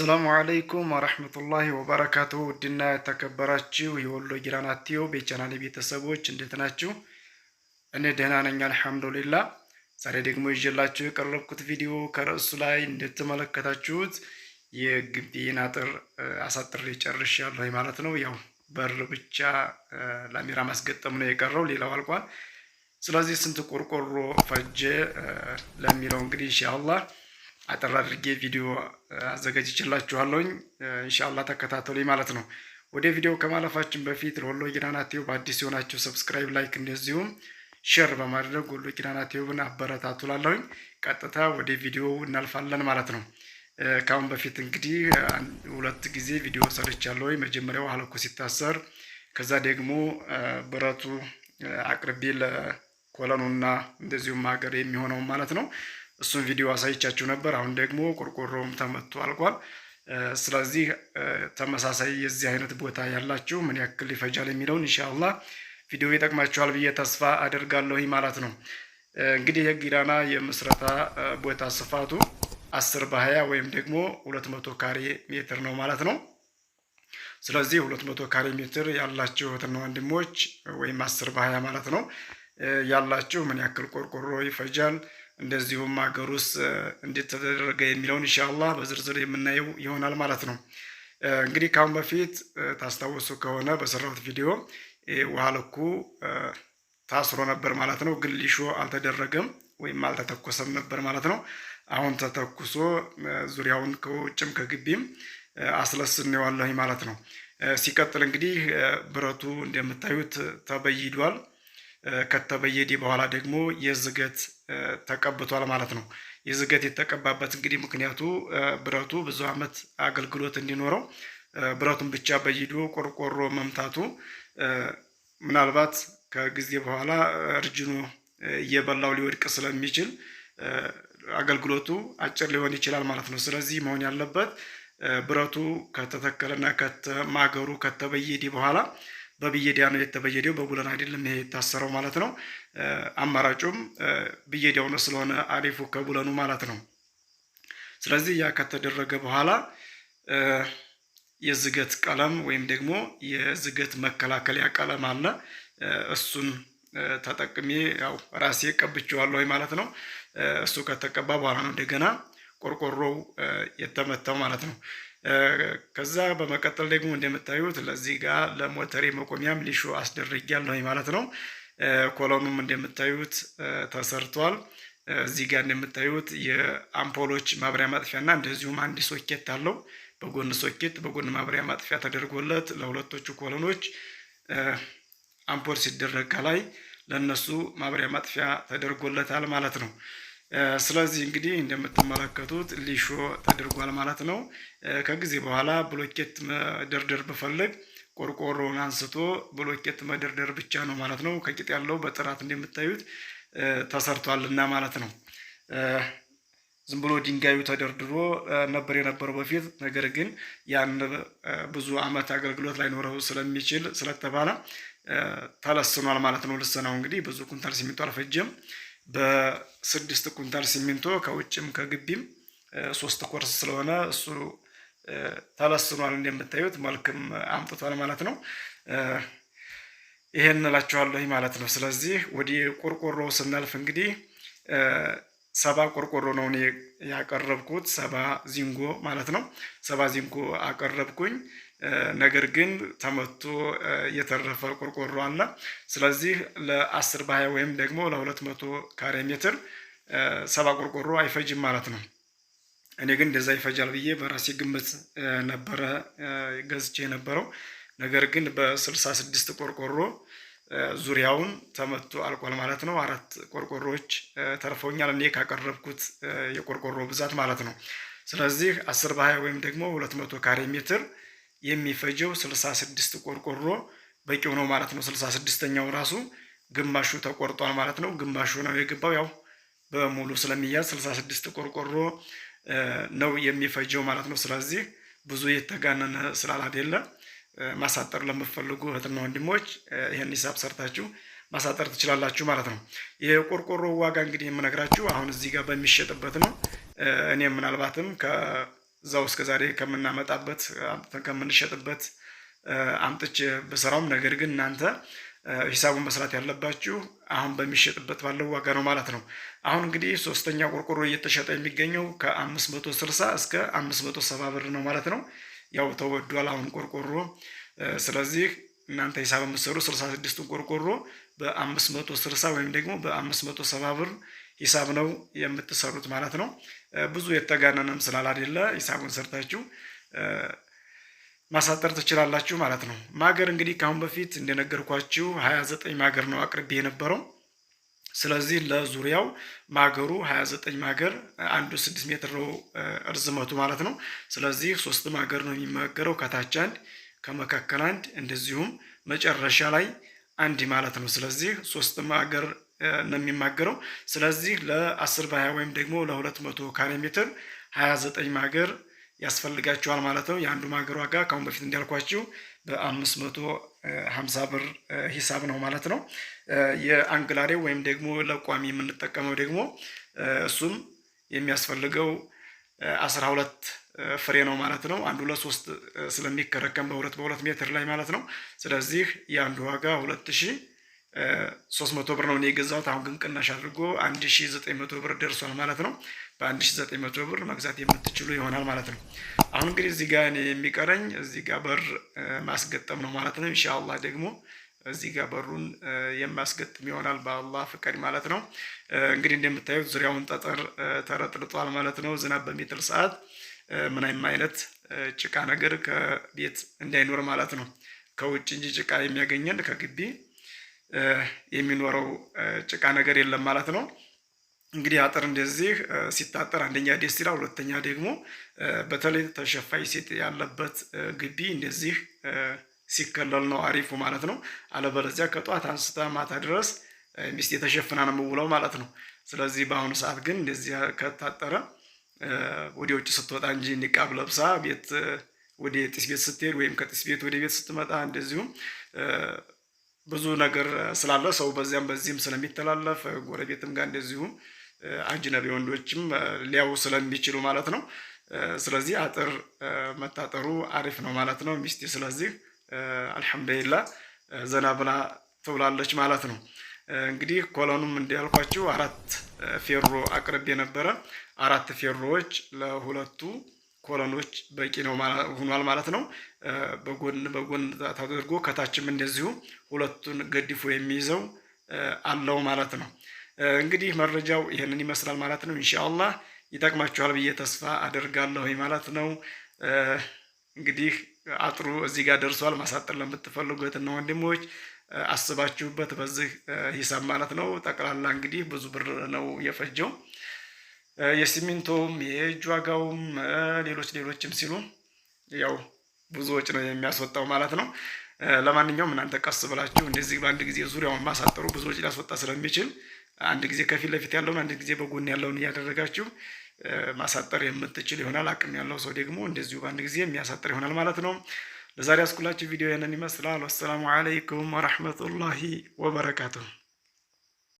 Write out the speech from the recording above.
አሰላሙ አለይኩም ወረህመቱላሂ ወበረካቱ። ውድና የተከበራችሁ የወሎ ጊራና ቲዩብ የቻናል ቤተሰቦች እንዴት ናችሁ? እኔ ደህና ነኝ አልሐምዱሊላ። ዛሬ ደግሞ ይዤላችሁ የቀረብኩት ቪዲዮ ከርዕሱ ላይ እንደተመለከታችሁት የግቢን አጥር አሳጥሬ ጨርሻለሁ ማለት ነው። ያው በር ብቻ ላሜራ ማስገጠም ነው የቀረው፣ ሌላው አልቋል። ስለዚህ ስንት ቆርቆሮ ፈጀ ለሚለው እንግዲህ ኢንሻአላህ አጠር አድርጌ ቪዲዮ አዘጋጅቼላችኋለሁኝ። እንሻላ ተከታተሉኝ ማለት ነው። ወደ ቪዲዮ ከማለፋችን በፊት ለወሎ ኪዳና ቲዩብ በአዲስ የሆናችሁ ሰብስክራይብ፣ ላይክ እንደዚሁም ሼር በማድረግ ወሎ ኪዳና ቲዩብን አበረታቱላለሁኝ። ቀጥታ ወደ ቪዲዮ እናልፋለን ማለት ነው። ከአሁን በፊት እንግዲህ ሁለት ጊዜ ቪዲዮ ሰርቻለሁ። መጀመሪያው ሀለኮ ሲታሰር፣ ከዛ ደግሞ ብረቱ አቅርቤ ለኮለኑና እንደዚሁም ሀገር የሚሆነው ማለት ነው እሱን ቪዲዮ አሳይቻችሁ ነበር። አሁን ደግሞ ቆርቆሮም ተመቶ አልቋል። ስለዚህ ተመሳሳይ የዚህ አይነት ቦታ ያላችሁ ምን ያክል ይፈጃል የሚለውን እንሻላ ቪዲዮ ይጠቅማችኋል ብዬ ተስፋ አደርጋለሁ ማለት ነው። እንግዲህ የጊራና የምስረታ ቦታ ስፋቱ አስር በሀያ ወይም ደግሞ ሁለት መቶ ካሬ ሜትር ነው ማለት ነው። ስለዚህ ሁለት መቶ ካሬ ሜትር ያላችሁ እህትና ወንድሞች ወይም አስር በሀያ ማለት ነው ያላችሁ ምን ያክል ቆርቆሮ ይፈጃል እንደዚሁም ሀገር ውስጥ እንዴት ተደረገ የሚለውን ኢንሻአላህ በዝርዝር የምናየው ይሆናል ማለት ነው። እንግዲህ ከአሁን በፊት ታስታውሱ ከሆነ በሰራሁት ቪዲዮ ውሃ ልኩ ታስሮ ነበር ማለት ነው። ግን ሊሾ አልተደረገም ወይም አልተተኮሰም ነበር ማለት ነው። አሁን ተተኩሶ ዙሪያውን ከውጭም ከግቢም አስለስኔዋለሁኝ ማለት ነው። ሲቀጥል እንግዲህ ብረቱ እንደምታዩት ተበይዷል። ከተበየዴ በኋላ ደግሞ የዝገት ተቀብቷል ማለት ነው። የዝገት የተቀባበት እንግዲህ ምክንያቱ ብረቱ ብዙ ዓመት አገልግሎት እንዲኖረው ብረቱን ብቻ በይዶ ቆርቆሮ መምታቱ ምናልባት ከጊዜ በኋላ እርጅኑ እየበላው ሊወድቅ ስለሚችል አገልግሎቱ አጭር ሊሆን ይችላል ማለት ነው። ስለዚህ መሆን ያለበት ብረቱ ከተተከለና ከተማገሩ ከተበየዲ በኋላ በብየዳ ነው የተበየደው፣ በቡለን አይደለም ይሄ የታሰረው ማለት ነው። አማራጩም ብየዳው ነው ስለሆነ አሪፉ ከቡለኑ ማለት ነው። ስለዚህ ያ ከተደረገ በኋላ የዝገት ቀለም ወይም ደግሞ የዝገት መከላከያ ቀለም አለ። እሱን ተጠቅሜ ያው ራሴ ቀብቼዋለሁ ማለት ነው። እሱ ከተቀባ በኋላ ነው እንደገና ቆርቆሮው የተመታው ማለት ነው። ከዛ በመቀጠል ደግሞ እንደምታዩት ለዚህ ጋር ለሞተሬ መቆሚያም ሊሾ አስደርጊያለሁ ማለት ነው። ኮሎኑም እንደምታዩት ተሰርቷል። እዚህ ጋር እንደምታዩት የአምፖሎች ማብሪያ ማጥፊያና እንደዚሁም አንድ ሶኬት አለው። በጎን ሶኬት በጎን ማብሪያ ማጥፊያ ተደርጎለት ለሁለቶቹ ኮሎኖች አምፖል ሲደረግ ከላይ ለእነሱ ማብሪያ ማጥፊያ ተደርጎለታል ማለት ነው። ስለዚህ እንግዲህ እንደምትመለከቱት ሊሾ ተደርጓል ማለት ነው። ከጊዜ በኋላ ብሎኬት መደርደር ብፈልግ ቆርቆሮን አንስቶ ብሎኬት መደርደር ብቻ ነው ማለት ነው። ከቂጥ ያለው በጥራት እንደምታዩት ተሰርቷልና ማለት ነው። ዝም ብሎ ድንጋዩ ተደርድሮ ነበር የነበረው በፊት። ነገር ግን ያን ብዙ ዓመት አገልግሎት ላይኖረው ስለሚችል ስለተባለ ተለስኗል ማለት ነው። ልሰናው እንግዲህ ብዙ ኩንታል ሲሚንቶ አልፈጀም። በስድስት ኩንታል ሲሚንቶ ከውጭም ከግቢም ሶስት ኮርስ ስለሆነ እሱ ተለስኗል። እንደምታዩት መልክም አምጥቷል ማለት ነው። ይሄን እላችኋለሁ ማለት ነው። ስለዚህ ወደ ቆርቆሮ ስናልፍ እንግዲህ ሰባ ቆርቆሮ ነው እኔ ያቀረብኩት፣ ሰባ ዚንጎ ማለት ነው። ሰባ ዚንጎ አቀረብኩኝ። ነገር ግን ተመቶ የተረፈ ቆርቆሮ አለ። ስለዚህ ለአስር በሀያ ወይም ደግሞ ለሁለት መቶ ካሬ ሜትር ሰባ ቆርቆሮ አይፈጅም ማለት ነው። እኔ ግን እንደዛ ይፈጃል ብዬ በራሴ ግምት ነበረ ገዝቼ የነበረው። ነገር ግን በስልሳ ስድስት ቆርቆሮ ዙሪያውን ተመቶ አልቋል ማለት ነው። አራት ቆርቆሮዎች ተርፈውኛል እኔ ካቀረብኩት የቆርቆሮ ብዛት ማለት ነው። ስለዚህ አስር በሀያ ወይም ደግሞ ሁለት መቶ ካሬ ሜትር የሚፈጀው 66 ቆርቆሮ በቂው ነው ማለት ነው። 66ኛው ራሱ ግማሹ ተቆርጧል ማለት ነው። ግማሹ ነው የገባው ያው በሙሉ ስለሚያዝ 66 ቆርቆሮ ነው የሚፈጀው ማለት ነው። ስለዚህ ብዙ የተጋነነ ስላላደለ ማሳጠር ለምፈልጉ እህትና ወንድሞች ይህን ሂሳብ ሰርታችሁ ማሳጠር ትችላላችሁ ማለት ነው። የቆርቆሮ ዋጋ እንግዲህ የምነግራችሁ አሁን እዚህ ጋር በሚሸጥበት ነው። እኔ ምናልባትም እዛው እስከ ዛሬ ከምናመጣበት ከምንሸጥበት አምጥቼ ብሰራውም፣ ነገር ግን እናንተ ሂሳቡን መስራት ያለባችሁ አሁን በሚሸጥበት ባለው ዋጋ ነው ማለት ነው። አሁን እንግዲህ ሶስተኛ ቆርቆሮ እየተሸጠ የሚገኘው ከ560 እስከ ሰባ ብር ነው ማለት ነው። ያው ተወዷል አሁን ቆርቆሮ ስለዚህ እናንተ ሂሳብ የምትሰሩ 66ቱን ቆርቆሮ በ መቶ ወይም ደግሞ በ መቶ ሰባ ብር ሂሳብ ነው የምትሰሩት ማለት ነው። ብዙ የተጋነነም ስላላደለ ሂሳቡን ሰርታችሁ ማሳጠር ትችላላችሁ ማለት ነው። ማገር እንግዲህ ከአሁን በፊት እንደነገርኳችሁ 29 ማገር ነው አቅርቤ የነበረው። ስለዚህ ለዙሪያው ማገሩ 29 ማገር አንዱ 6 ሜትር ነው እርዝመቱ ማለት ነው። ስለዚህ ሶስት ማገር ነው የሚመገረው ከታች አንድ ከመካከል አንድ እንደዚሁም መጨረሻ ላይ አንድ ማለት ነው። ስለዚህ ሶስት ሀገር ነው የሚማገረው። ስለዚህ ለአስር በሀያ ወይም ደግሞ ለሁለት መቶ ካሬ ሜትር ሀያ ዘጠኝ ማገር ያስፈልጋቸዋል ማለት ነው። የአንዱ ማገር ዋጋ ከአሁን በፊት እንዳልኳችሁ በአምስት መቶ ሀምሳ ብር ሂሳብ ነው ማለት ነው። የአንግላሬ ወይም ደግሞ ለቋሚ የምንጠቀመው ደግሞ እሱም የሚያስፈልገው አስራ ሁለት ፍሬ ነው ማለት ነው። አንዱ ለሶስት ስለሚከረከም በሁለት በሁለት ሜትር ላይ ማለት ነው። ስለዚህ የአንዱ ዋጋ ሁለት ሺ ሶስት መቶ ብር ነው እኔ የገዛሁት። አሁን ግን ቅናሽ አድርጎ አንድ ሺ ዘጠኝ መቶ ብር ደርሷል ማለት ነው። በአንድ ሺ ዘጠኝ መቶ ብር መግዛት የምትችሉ ይሆናል ማለት ነው። አሁን እንግዲህ እዚህ ጋር እኔ የሚቀረኝ እዚህ ጋር በር ማስገጠም ነው ማለት ነው። ኢንሻአላህ ደግሞ እዚህ ጋር በሩን የማስገጥም ይሆናል በአላህ ፍቃድ ማለት ነው። እንግዲህ እንደምታዩት ዙሪያውን ጠጠር ተረጥርጧል ማለት ነው ዝናብ በሚጥል ሰዓት ምንም አይነት ጭቃ ነገር ከቤት እንዳይኖር ማለት ነው። ከውጭ እንጂ ጭቃ የሚያገኘን ከግቢ የሚኖረው ጭቃ ነገር የለም ማለት ነው። እንግዲህ አጥር እንደዚህ ሲታጠር አንደኛ ደስ ይላል፣ ሁለተኛ ደግሞ በተለይ ተሸፋይ ሴት ያለበት ግቢ እንደዚህ ሲከለል ነው አሪፉ ማለት ነው። አለበለዚያ ከጠዋት አንስታ ማታ ድረስ ሚስት የተሸፍና ነው የምውለው ማለት ነው። ስለዚህ በአሁኑ ሰዓት ግን እንደዚህ ከታጠረ ወደ ውጭ ስትወጣ እንጂ ኒቃብ ለብሳ ቤት ወደ ጢስ ቤት ስትሄድ ወይም ከጢስ ቤት ወደ ቤት ስትመጣ እንደዚሁም ብዙ ነገር ስላለ ሰው በዚያም በዚህም ስለሚተላለፍ ጎረቤትም ጋር እንደዚሁም አጅነቢ ወንዶችም ሊያው ስለሚችሉ ማለት ነው። ስለዚህ አጥር መታጠሩ አሪፍ ነው ማለት ነው። ሚስቲ። ስለዚህ አልሐምዱሊላ ዘና ብላ ትውላለች ማለት ነው። እንግዲህ ኮሎኑም እንዲያልኳቸው አራት ፌሮ አቅርቤ ነበረ። አራት ፌሮዎች ለሁለቱ ኮሎኖች በቂ ነው ሆኗል ማለት ነው። በጎን በጎን ተደርጎ ከታችም እንደዚሁ ሁለቱን ገድፎ የሚይዘው አለው ማለት ነው። እንግዲህ መረጃው ይህንን ይመስላል ማለት ነው። ኢንሻአላህ ይጠቅማችኋል ብዬ ተስፋ አደርጋለሁ ማለት ነው። እንግዲህ አጥሩ እዚህ ጋር ደርሷል። ማሳጠር ለምትፈልጉ እህትና ወንድሞች አስባችሁበት በዚህ ሂሳብ ማለት ነው። ጠቅላላ እንግዲህ ብዙ ብር ነው የፈጀው። የሲሚንቶም የእጅ ዋጋውም ሌሎች ሌሎችም ሲሉ ያው ብዙ ወጪ ነው የሚያስወጣው ማለት ነው። ለማንኛውም እናንተ ቀስ ብላችሁ እንደዚህ በአንድ ጊዜ ዙሪያውን ማሳጠሩ ብዙ ወጪ ሊያስወጣ ስለሚችል አንድ ጊዜ ከፊት ለፊት ያለውን አንድ ጊዜ በጎን ያለውን እያደረጋችሁ ማሳጠር የምትችል ይሆናል። አቅም ያለው ሰው ደግሞ እንደዚሁ በአንድ ጊዜ የሚያሳጠር ይሆናል ማለት ነው። ለዛሬ ያስኩላችሁ ቪዲዮ ይህንን ይመስላል። ወሰላሙ አለይኩም ወረሕመቱላሂ ወበረካቱሁ።